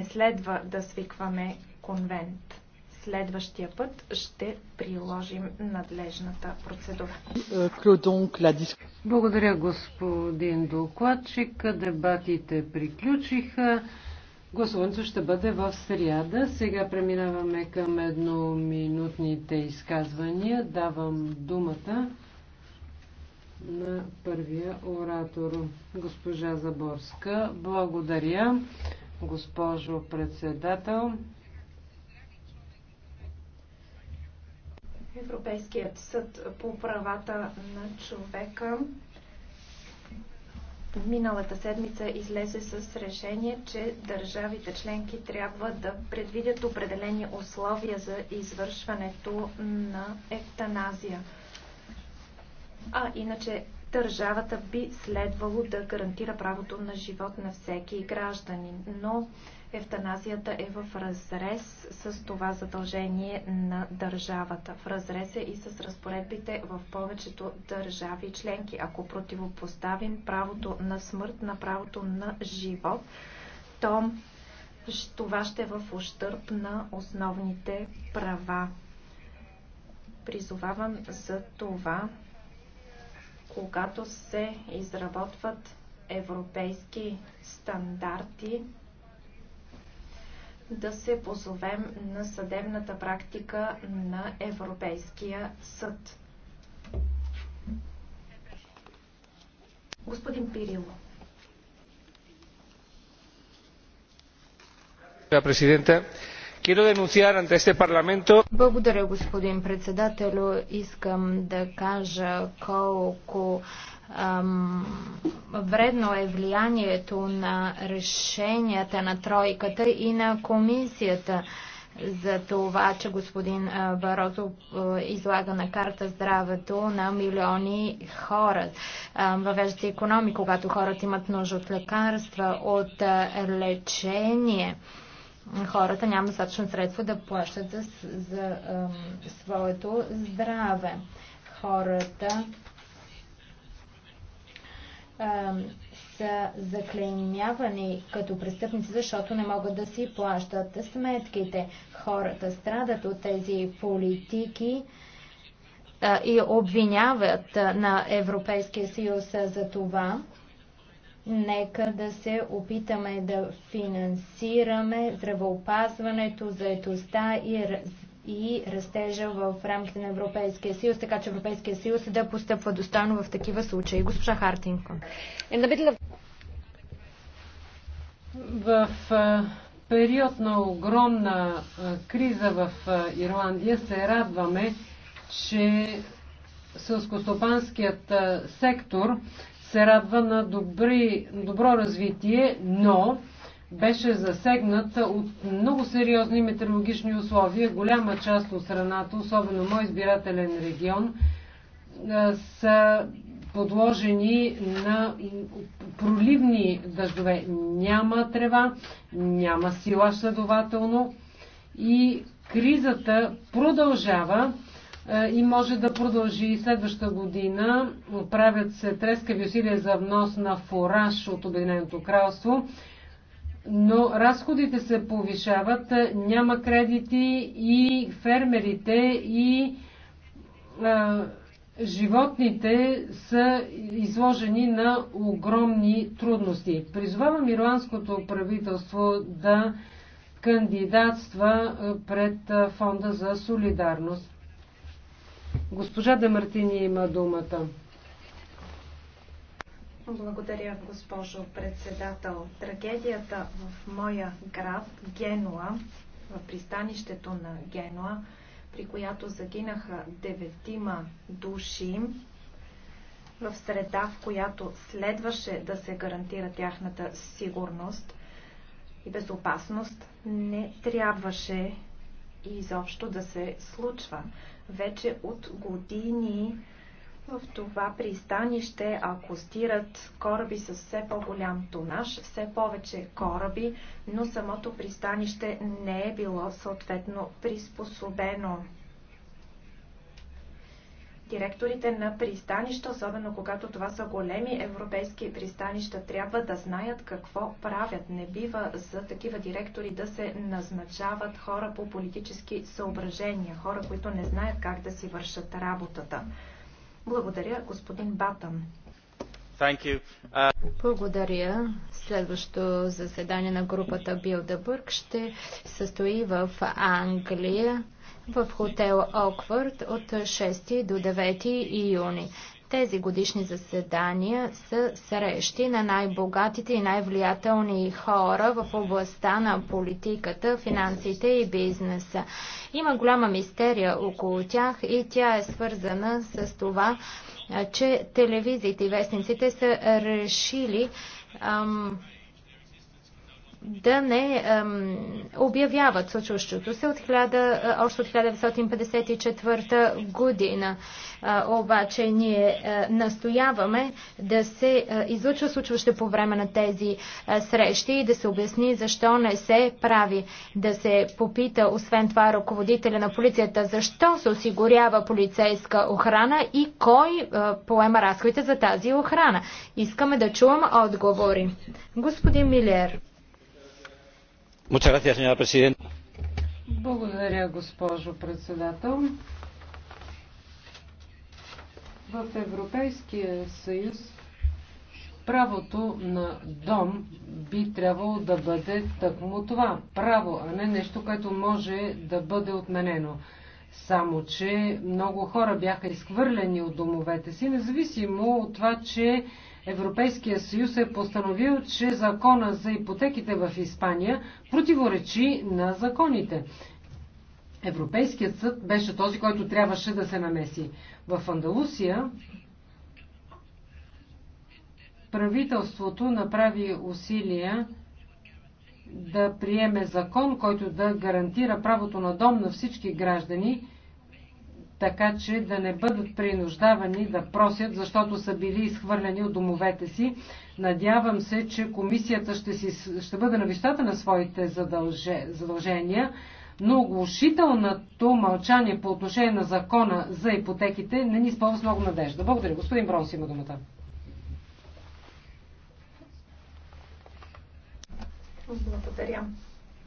Не следва да свикваме конвент. Следващия път ще приложим надлежната процедура. Е, Благодаря, господин докладчик. Дебатите приключиха. Гласуването ще бъде в сряда. Сега преминаваме към едноминутните изказвания. Давам думата на първия оратор, госпожа Заборска. Благодаря госпожо председател. Европейският съд по правата на човека миналата седмица излезе с решение, че държавите членки трябва да предвидят определени условия за извършването на ектаназия. А иначе държавата би следвало да гарантира правото на живот на всеки гражданин, но евтаназията е в разрез с това задължение на държавата. В разрез е и с разпоредбите в повечето държави и членки. Ако противопоставим правото на смърт на правото на живот, то това ще е в ущърп на основните права. Призовавам за това когато се изработват европейски стандарти, да се позовем на съдебната практика на Европейския съд. Господин Пирило. Президента, Quiero denunciar ante este Parlamento. Благодаря, господин председателю. Искам да кажа колко ам, вредно е влиянието на решенията на тройката и на комисията за това, че господин Барозо излага на карта здравето на милиони хора. Въвежда се економи, когато хората имат нужда от лекарства, от лечение хората няма достатъчно средства да плащат за, за а, своето здраве. Хората а, са заклеймявани като престъпници, защото не могат да си плащат сметките. Хората страдат от тези политики а, и обвиняват на Европейския съюз за това Нека да се опитаме да финансираме здравеопазването, заетостта и, и растежа в рамките на Европейския съюз, така че Европейския съюз да постъпва достойно в такива случаи. Госпожа Хартинко. В период на огромна криза в Ирландия се радваме, че сълскостопанският сектор се радва на добри, добро развитие, но беше засегнат от много сериозни метеорологични условия. Голяма част от страната, особено мой избирателен регион, са подложени на проливни дъждове. Няма трева, няма сила следователно и кризата продължава е, и може да продължи следваща година. Правят се трескави усилия за внос на фораж от Обединеното кралство, но разходите се повишават, няма кредити и фермерите и а, е, животните са изложени на огромни трудности. Призовавам ирландското правителство да кандидатства е, пред Фонда за солидарност. Госпожа Демартини има думата. Благодаря, госпожо председател. Трагедията в моя град Генуа, в пристанището на Генуа, при която загинаха деветима души, в среда, в която следваше да се гарантира тяхната сигурност и безопасност, не трябваше изобщо да се случва вече от години в това пристанище, ако стират кораби с все по-голям тонаж, все повече кораби, но самото пристанище не е било съответно приспособено. Директорите на пристанища, особено когато това са големи европейски пристанища, трябва да знаят какво правят. Не бива за такива директори да се назначават хора по политически съображения, хора, които не знаят как да си вършат работата. Благодаря, господин Батън. Uh... Благодаря. Следващото заседание на групата Билдебърг ще състои в Англия в хотел Оквард от 6 до 9 юни. Тези годишни заседания са срещи на най-богатите и най-влиятелни хора в областта на политиката, финансите и бизнеса. Има голяма мистерия около тях и тя е свързана с това, че телевизиите и вестниците са решили ам, да не ам, обявяват случващото се от 1000, още от 1954 година. А, обаче ние а, настояваме да се а, излучва случващо по време на тези а, срещи и да се обясни защо не се прави. Да се попита, освен това, ръководителя на полицията, защо се осигурява полицейска охрана и кой а, поема разходите за тази охрана. Искаме да чуваме отговори. Господин Милер. Благодаря, госпожо председател. В Европейския съюз правото на дом би трябвало да бъде тъкмо това. Право, а не нещо, което може да бъде отменено. Само, че много хора бяха изхвърлени от домовете си, независимо от това, че Европейския съюз е постановил, че закона за ипотеките в Испания противоречи на законите. Европейският съд беше този, който трябваше да се намеси. В Андалусия правителството направи усилия да приеме закон, който да гарантира правото на дом на всички граждани така че да не бъдат принуждавани да просят, защото са били изхвърлени от домовете си. Надявам се, че комисията ще, си, ще бъде на вищата на своите задълже, задължения, но оглушителното мълчание по отношение на закона за ипотеките не ни използва с много надежда. Благодаря. Господин Бронс има думата. Благодаря.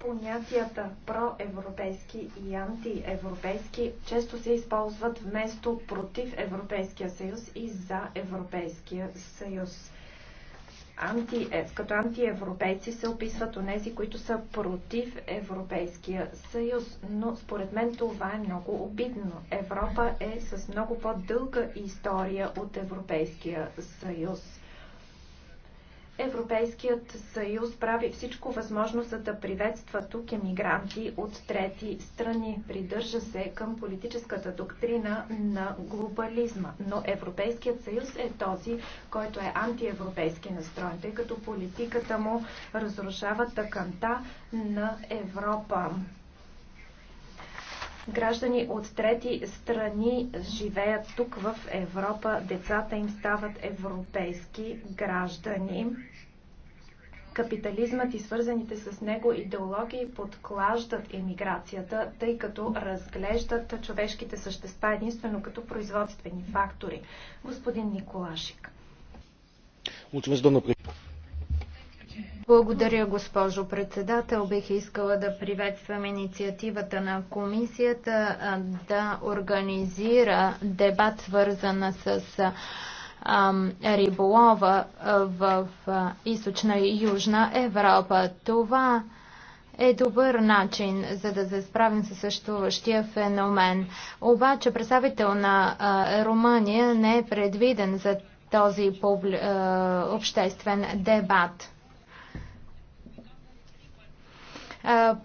Понятията проевропейски и антиевропейски често се използват вместо против Европейския съюз и за Европейския съюз. Анти, е, като антиевропейци се описват онези, които са против Европейския съюз, но според мен това е много обидно. Европа е с много по-дълга история от Европейския съюз Европейският съюз прави всичко възможно, за да приветства тук емигранти от трети страни. Придържа се към политическата доктрина на глобализма. Но Европейският съюз е този, който е антиевропейски настроен, тъй като политиката му разрушава тъканта на Европа граждани от трети страни живеят тук в Европа, децата им стават европейски граждани. Капитализмът и свързаните с него идеологии подклаждат емиграцията, тъй като разглеждат човешките същества единствено като производствени фактори. Господин Николашик. Mulțumesc, doamnă благодаря, госпожо председател. Бих искала да приветствам инициативата на комисията да организира дебат, свързана с риболова в източна и южна Европа. Това е добър начин, за да се справим с съществуващия феномен. Обаче представител на Румъния не е предвиден за този обществен дебат.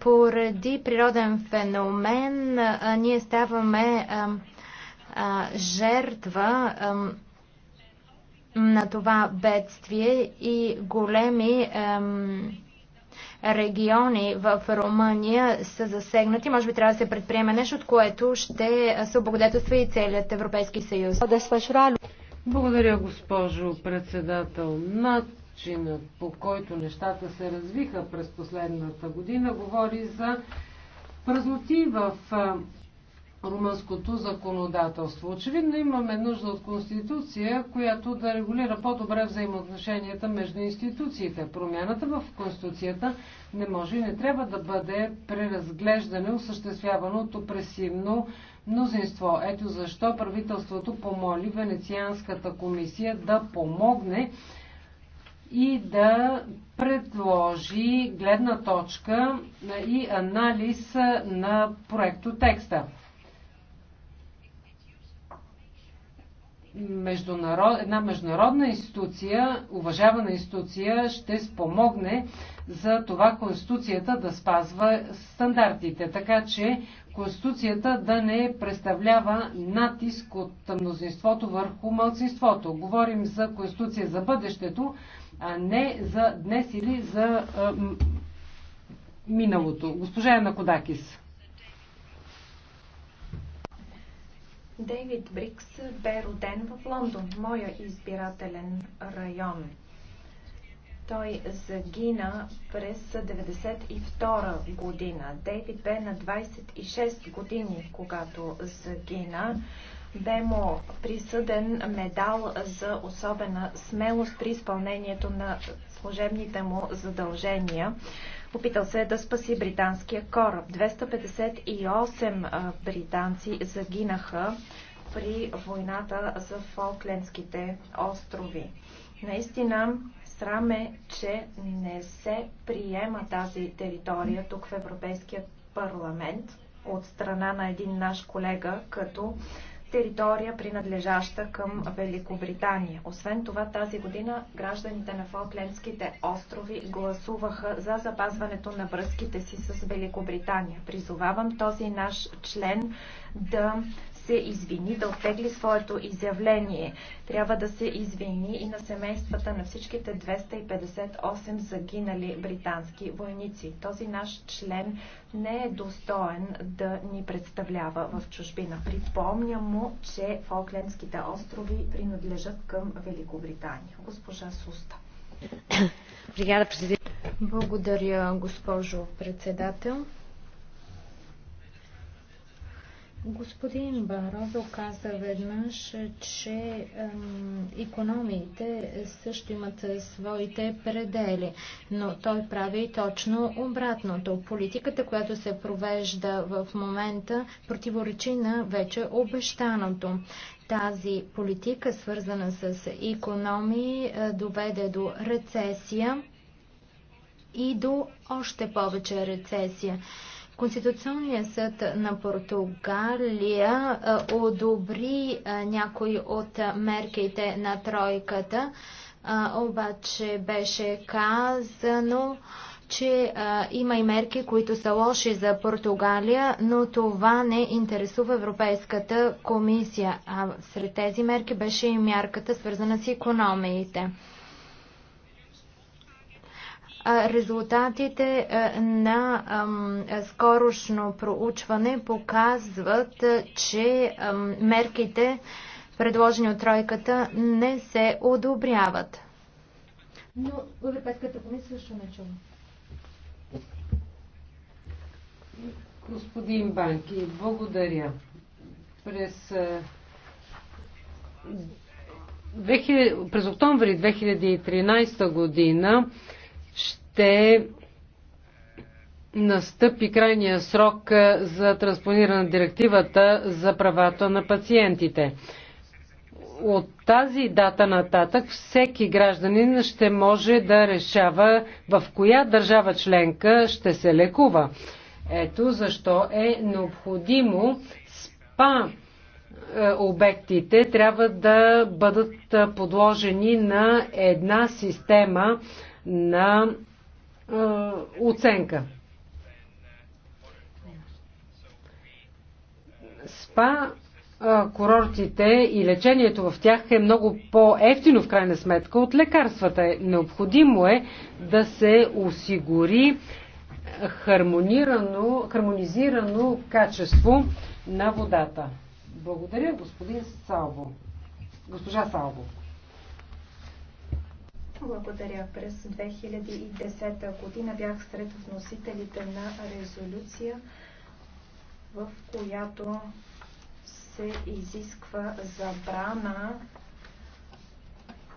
Поради природен феномен ние ставаме жертва на това бедствие и големи региони в Румъния са засегнати. Може би трябва да се предприеме нещо, от което ще се облагодетелства и целият Европейски съюз. Благодаря, госпожо председател. Над начина по който нещата се развиха през последната година, говори за празноти в румънското законодателство. Очевидно имаме нужда от конституция, която да регулира по-добре взаимоотношенията между институциите. Промяната в конституцията не може и не трябва да бъде преразглеждане, осъществявано от опресивно мнозинство. Ето защо правителството помоли Венецианската комисия да помогне и да предложи гледна точка и анализ на проектотекста. Международ, една международна институция, уважавана институция, ще спомогне за това Конституцията да спазва стандартите, така че Конституцията да не представлява натиск от мнозинството върху мълцинството. Говорим за Конституция за бъдещето, а не за днес или за а, миналото. Госпожа Яна Кодакис. Дейвид Брикс бе роден в Лондон, моя избирателен район. Той загина през 1992 година. Дейвид бе на 26 години, когато загина бе му присъден медал за особена смелост при изпълнението на служебните му задължения. Опитал се е да спаси британския кораб. 258 британци загинаха при войната за Фолклендските острови. Наистина, срам е, че не се приема тази територия тук в Европейския парламент от страна на един наш колега като територия, принадлежаща към Великобритания. Освен това, тази година гражданите на Фолклендските острови гласуваха за запазването на връзките си с Великобритания. Призовавам този наш член да се извини, да оттегли своето изявление. Трябва да се извини и на семействата на всичките 258 загинали британски войници. Този наш член не е достоен да ни представлява в чужбина. Припомня му, че Фолклендските острови принадлежат към Великобритания. Госпожа Суста. Благодаря, госпожо председател. Господин Баров каза веднъж, че економиите също имат своите предели, но той прави точно обратното. Политиката, която се провежда в момента, противоречи на вече обещаното. Тази политика, свързана с економии, доведе до рецесия и до още повече рецесия. Конституционният съд на Португалия одобри някои от мерките на тройката, обаче беше казано, че има и мерки, които са лоши за Португалия, но това не интересува Европейската комисия. А сред тези мерки беше и мярката, свързана с економиите. Резултатите на скорошно проучване показват, че мерките, предложени от тройката, не се одобряват. Но Европейската комисия също не чува. Господин Банки, благодаря. През, през октомври 2013 година ще настъпи крайния срок е, за транспониране на директивата за правата на пациентите. От тази дата нататък всеки гражданин ще може да решава в коя държава членка ще се лекува. Ето защо е необходимо спа е, обектите трябва да бъдат е, подложени на една система на оценка. СПА курортите и лечението в тях е много по-ефтино в крайна сметка от лекарствата. Необходимо е да се осигури хармонирано, хармонизирано качество на водата. Благодаря, господин Салво. Госпожа Салво. Благодаря. През 2010 година бях сред вносителите на резолюция, в която се изисква забрана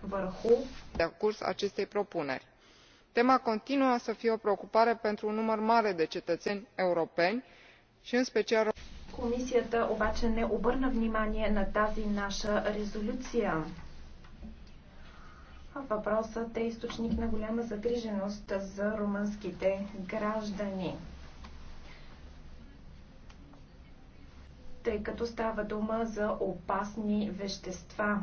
върху de curs acestei propuneri. Tema continuă să fie o preocupare pentru un număr mare de cetățeni europeni și în special Комисията обаче не обърна внимание на тази наша резолюция. Въпросът е източник на голяма загриженост за румънските граждани. Тъй като става дума за опасни вещества.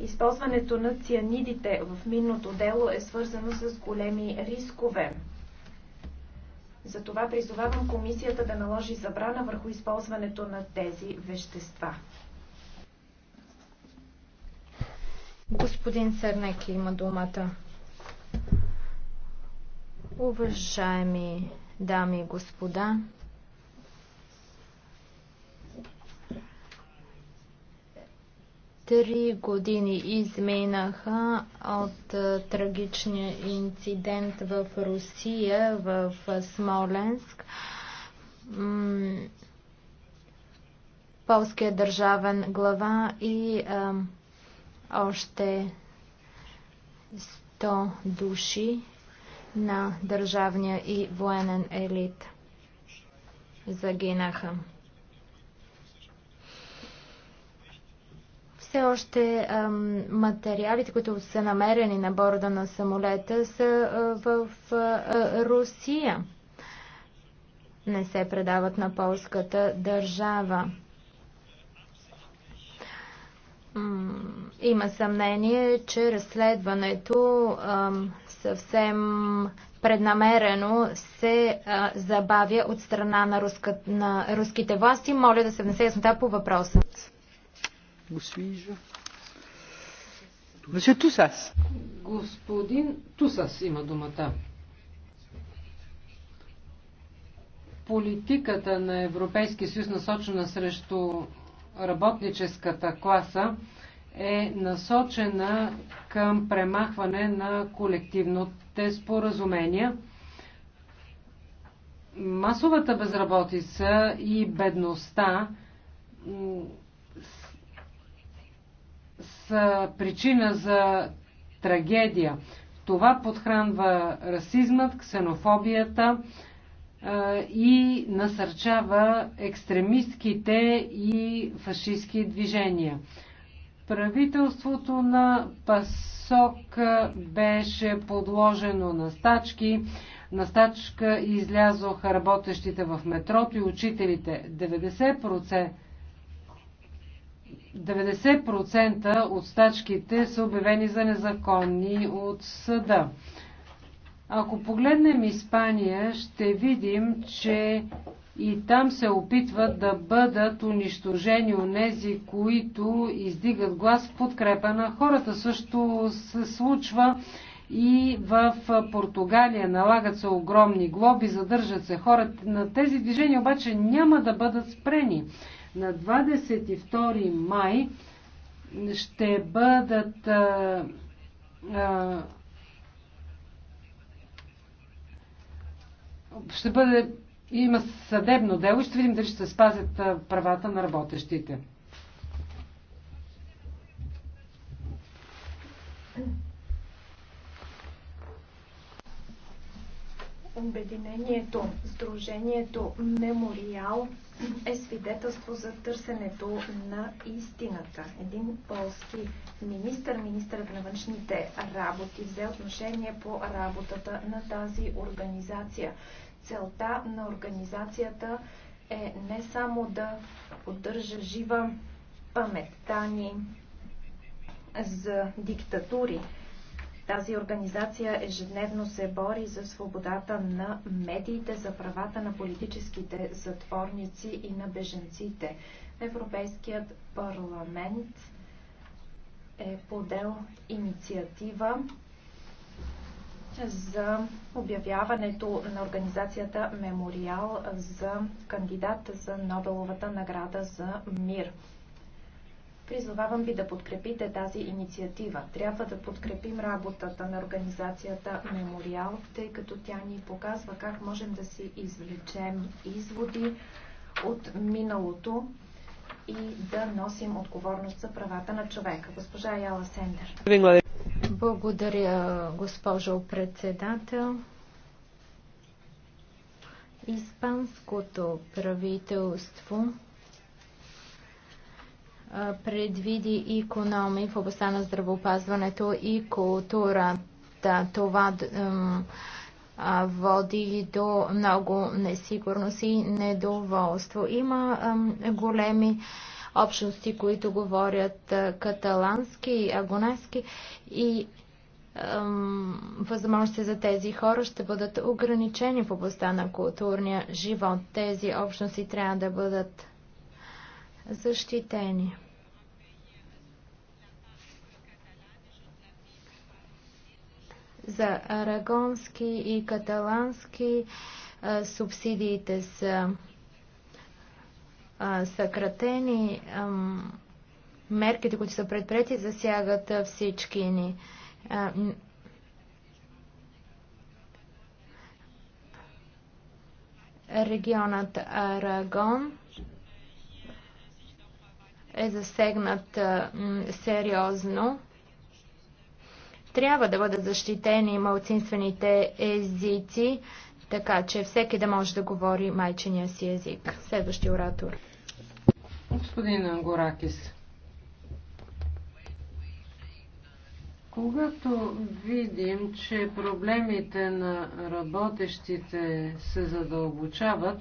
Използването на цианидите в минното дело е свързано с големи рискове. Затова призовавам комисията да наложи забрана върху използването на тези вещества. Господин Сернек има думата. Уважаеми дами и господа, Три години изминаха от трагичния инцидент в Русия, в Смоленск. Полския държавен глава и още 100 души на държавния и военен елит загинаха. Все още ам, материалите, които са намерени на борда на самолета, са а, в а, Русия. Не се предават на полската държава има съмнение, че разследването съвсем преднамерено се забавя от страна на, руска, на руските власти. Моля да се внесе яснота по въпроса. Тусас. Господин Тусас има думата. Политиката на Европейския съюз насочена срещу работническата класа е насочена към премахване на колективните споразумения. Масовата безработица и бедността са причина за трагедия. Това подхранва расизмът, ксенофобията, и насърчава екстремистските и фашистски движения. Правителството на Пасок беше подложено на стачки. На стачка излязоха работещите в метрото и учителите. 90%, 90% от стачките са обявени за незаконни от съда. Ако погледнем Испания, ще видим, че и там се опитват да бъдат унищожени онези, които издигат глас в подкрепа на хората. Също се случва и в Португалия налагат се огромни глоби, задържат се хората. На тези движения обаче няма да бъдат спрени. На 22 май ще бъдат а, а, ще бъде, има съдебно дело и ще видим дали ще се спазят правата на работещите. Обединението, Сдружението Мемориал е свидетелство за търсенето на истината. Един полски министр, министърът на външните работи, взе отношение по работата на тази организация. Целта на организацията е не само да поддържа жива паметта ни за диктатури. Тази организация ежедневно се бори за свободата на медиите, за правата на политическите затворници и на беженците. Европейският парламент е подел инициатива за обявяването на организацията Мемориал за кандидат за Нобеловата награда за мир. Призовавам ви да подкрепите тази инициатива. Трябва да подкрепим работата на организацията Мемориал, тъй като тя ни показва как можем да си извлечем изводи от миналото и да носим отговорност за правата на човека. Госпожа Яла Сендер. Благодаря, госпожо председател. Испанското правителство предвиди економи в областта на здравеопазването и културата. Това води до много несигурност и недоволство. Има големи общности, които говорят каталански и агонески и възможности за тези хора ще бъдат ограничени в областта на културния живот. Тези общности трябва да бъдат защитени. За арагонски и каталански субсидиите са съкратени. Мерките, които са предприяти, засягат всички ни. Регионът Арагон е засегнат сериозно. Трябва да бъдат защитени малцинствените езици така че всеки да може да говори майчения си език. Следващия оратор. Господин Ангоракис, когато видим, че проблемите на работещите се задълбочават,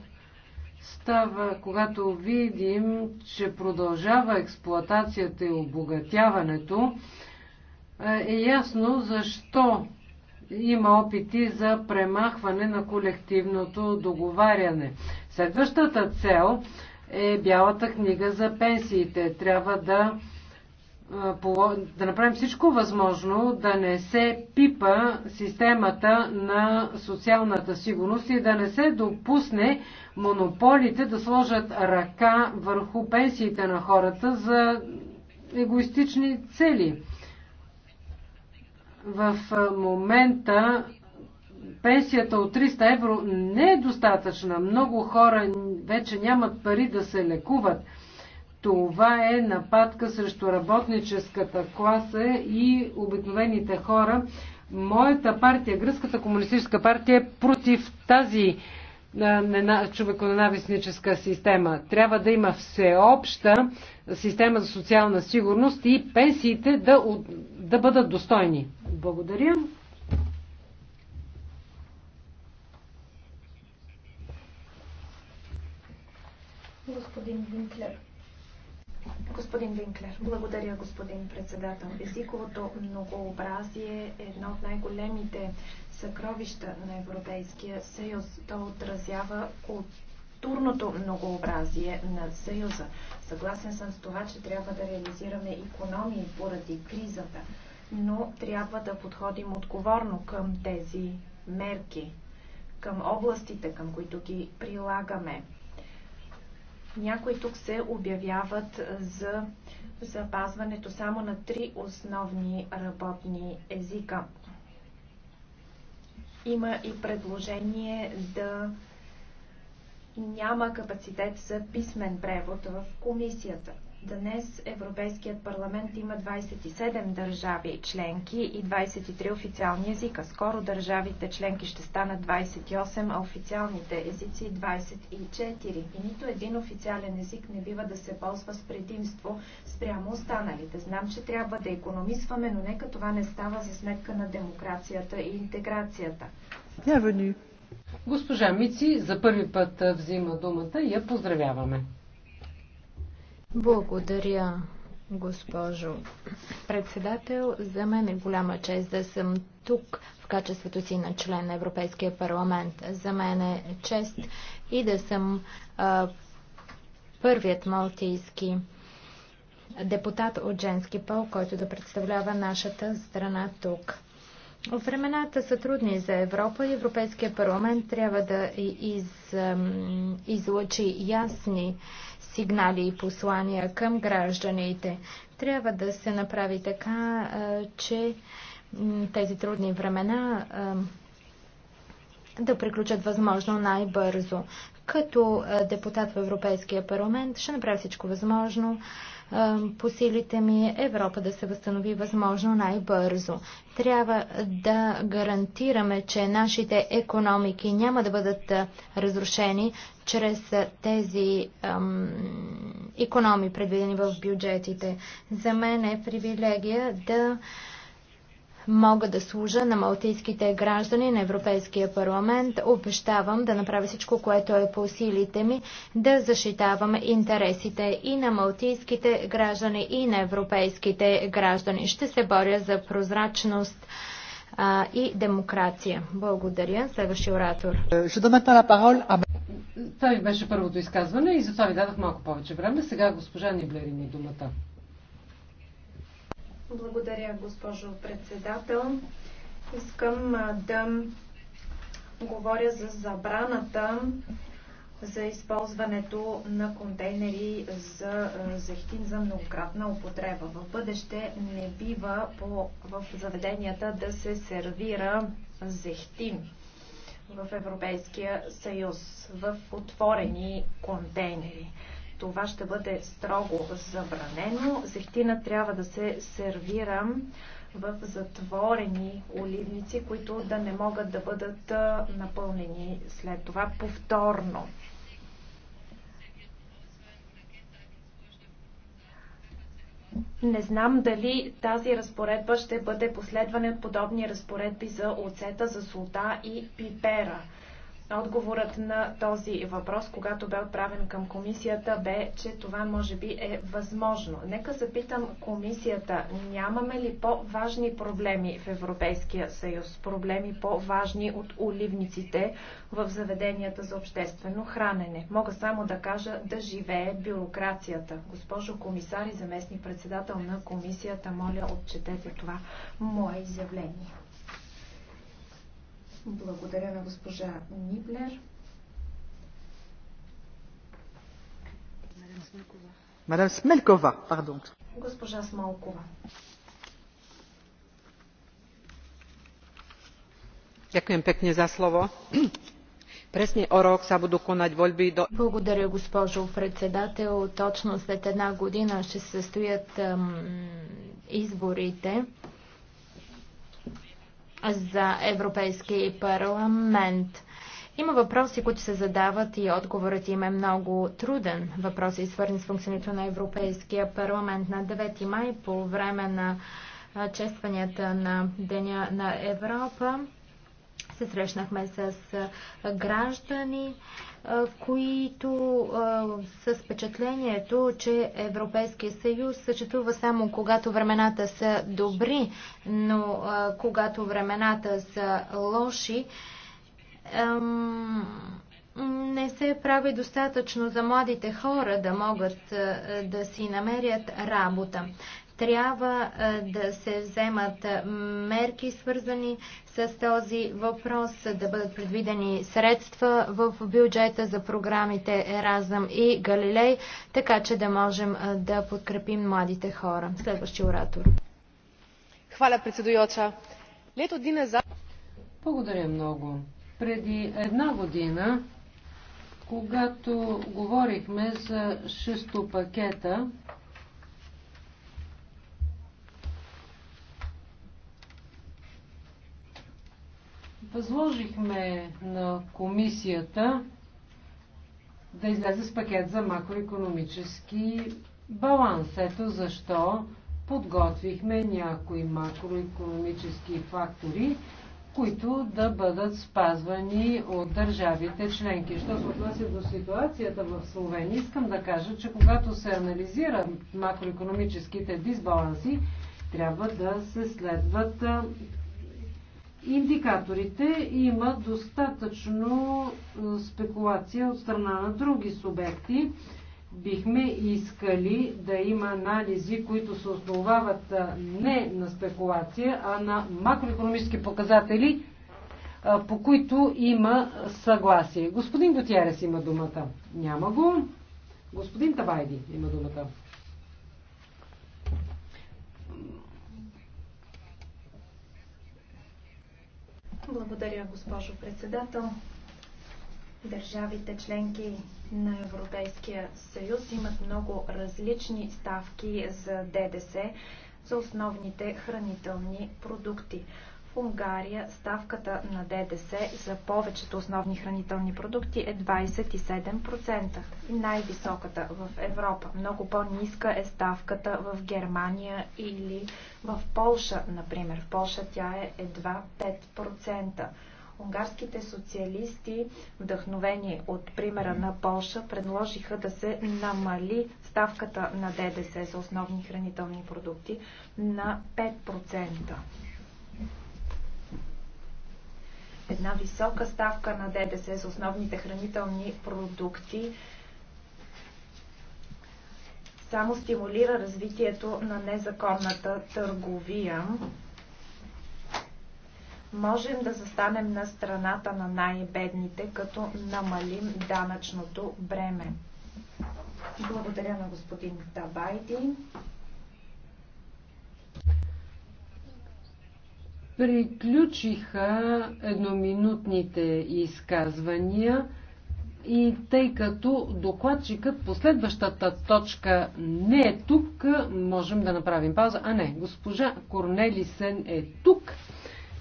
става, когато видим, че продължава експлоатацията и обогатяването, е ясно защо има опити за премахване на колективното договаряне. Следващата цел е бялата книга за пенсиите. Трябва да, да направим всичко възможно да не се пипа системата на социалната сигурност и да не се допусне монополите да сложат ръка върху пенсиите на хората за егоистични цели. В момента пенсията от 300 евро не е достатъчна. Много хора вече нямат пари да се лекуват. Това е нападка срещу работническата класа и обикновените хора. Моята партия, Гръцката комунистическа партия, е против тази човеконенавистническа система. Трябва да има всеобща система за социална сигурност и пенсиите да, да бъдат достойни. Благодаря. Господин Винклер. Господин Винклер, благодаря господин председател. Езиковото многообразие е едно от най-големите съкровища на Европейския съюз. То отразява културата културното многообразие на Съюза. Съгласен съм с това, че трябва да реализираме економии поради кризата, но трябва да подходим отговорно към тези мерки, към областите, към които ги прилагаме. Някои тук се обявяват за запазването само на три основни работни езика. Има и предложение да няма капацитет за писмен превод в комисията. Днес Европейският парламент има 27 държави членки и 23 официални езика. Скоро държавите членки ще станат 28, а официалните езици 24. И нито един официален език не бива да се ползва с предимство спрямо останалите. Знам, че трябва да економисваме, но нека това не става за сметка на демокрацията и интеграцията. Bienvenue. Госпожа Мици за първи път взима думата и я поздравяваме. Благодаря, госпожо председател. За мен е голяма чест да съм тук в качеството си на член на Европейския парламент. За мен е чест и да съм а, първият малтийски депутат от женски пол, който да представлява нашата страна тук. Времената са трудни за Европа и Европейския парламент трябва да из, излъчи ясни сигнали и послания към гражданите. Трябва да се направи така, че тези трудни времена да приключат възможно най-бързо. Като е, депутат в Европейския парламент ще направя всичко възможно е, по силите ми Европа да се възстанови възможно най-бързо. Трябва да гарантираме, че нашите економики няма да бъдат е, разрушени чрез тези ам, економи, предвидени в бюджетите. За мен е привилегия да мога да служа на малтийските граждани на Европейския парламент. Обещавам да направя всичко, което е по силите ми, да защитавам интересите и на малтийските граждани, и на европейските граждани. Ще се боря за прозрачност а, и демокрация. Благодаря. Следващия оратор. Това ви беше първото изказване и затова ви дадах малко повече време. Сега госпожа Ниблерини думата. Благодаря, госпожо председател. Искам да говоря за забраната за използването на контейнери за зехтин за многократна употреба. В бъдеще не бива по, в заведенията да се сервира зехтин в Европейския съюз в отворени контейнери това ще бъде строго забранено. Зехтина трябва да се сервира в затворени оливници, които да не могат да бъдат напълнени след това повторно. Не знам дали тази разпоредба ще бъде последвана от подобни разпоредби за оцета, за солта и пипера. Отговорът на този въпрос, когато бе отправен към комисията, бе, че това може би е възможно. Нека запитам комисията, нямаме ли по-важни проблеми в Европейския съюз? Проблеми по-важни от оливниците в заведенията за обществено хранене? Мога само да кажа да живее бюрокрацията. Госпожо комисар и заместник председател на комисията, моля отчетете това мое изявление. Благодаря на госпожа Ниблер. Мадам Смелкова, пардон. Госпожа Смалкова. Ďakujem pekne za slovo. Presne o rok sa budú konať voľby do... Благодаря, госпожо председател. Точно след една година ще се състоят ем, изборите за Европейски парламент. Има въпроси, които се задават и отговорът им е много труден. Въпроси свързани с функционирането на Европейския парламент на 9 май по време на честванията на Деня на Европа се срещнахме с граждани, които с впечатлението, че Европейския съюз съществува само когато времената са добри, но когато времената са лоши, не се прави достатъчно за младите хора да могат да си намерят работа. Трябва да се вземат мерки, свързани с този въпрос, да бъдат предвидени средства в бюджета за програмите Еразъм и Галилей, така че да можем да подкрепим младите хора. Следващия оратор. Хваля, председуюча. Лето дина за... Благодаря много. Преди една година, когато говорихме за шесто пакета, Възложихме на комисията да излезе с пакет за макроекономически баланс. Ето защо подготвихме някои макроекономически фактори, които да бъдат спазвани от държавите членки. Що се отнася до ситуацията в Словения, искам да кажа, че когато се анализира макроекономическите дисбаланси, трябва да се следват Индикаторите има достатъчно е, спекулация от страна на други субекти. Бихме искали да има анализи, които се основават е, не на спекулация, а на макроекономически показатели, е, по които има съгласие. Господин Готярес има думата. Няма го. Господин Табайди има думата. Благодаря, госпожо председател. Държавите членки на Европейския съюз имат много различни ставки за ДДС за основните хранителни продукти. Унгария ставката на ДДС за повечето основни хранителни продукти е 27%, най-високата в Европа. Много по-ниска е ставката в Германия или в Полша, например. В Полша тя е едва 5%. Унгарските социалисти, вдъхновени от примера на Полша, предложиха да се намали ставката на ДДС за основни хранителни продукти на 5% една висока ставка на ДДС с основните хранителни продукти само стимулира развитието на незаконната търговия. Можем да застанем на страната на най-бедните, като намалим данъчното бреме. Благодаря на господин Табайди. Приключиха едноминутните изказвания и тъй като докладчикът последващата точка не е тук, можем да направим пауза. А не, госпожа Корнелисен е тук.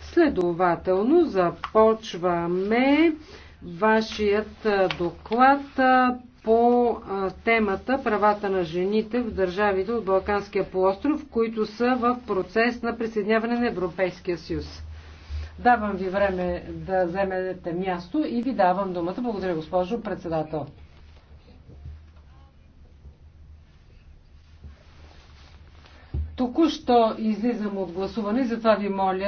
Следователно започваме вашият доклад по темата правата на жените в държавите от Балканския полуостров, които са в процес на присъединяване на Европейския съюз. Давам ви време да вземете място и ви давам думата. Благодаря, госпожо председател. Току-що излизам от гласуване, затова ви моля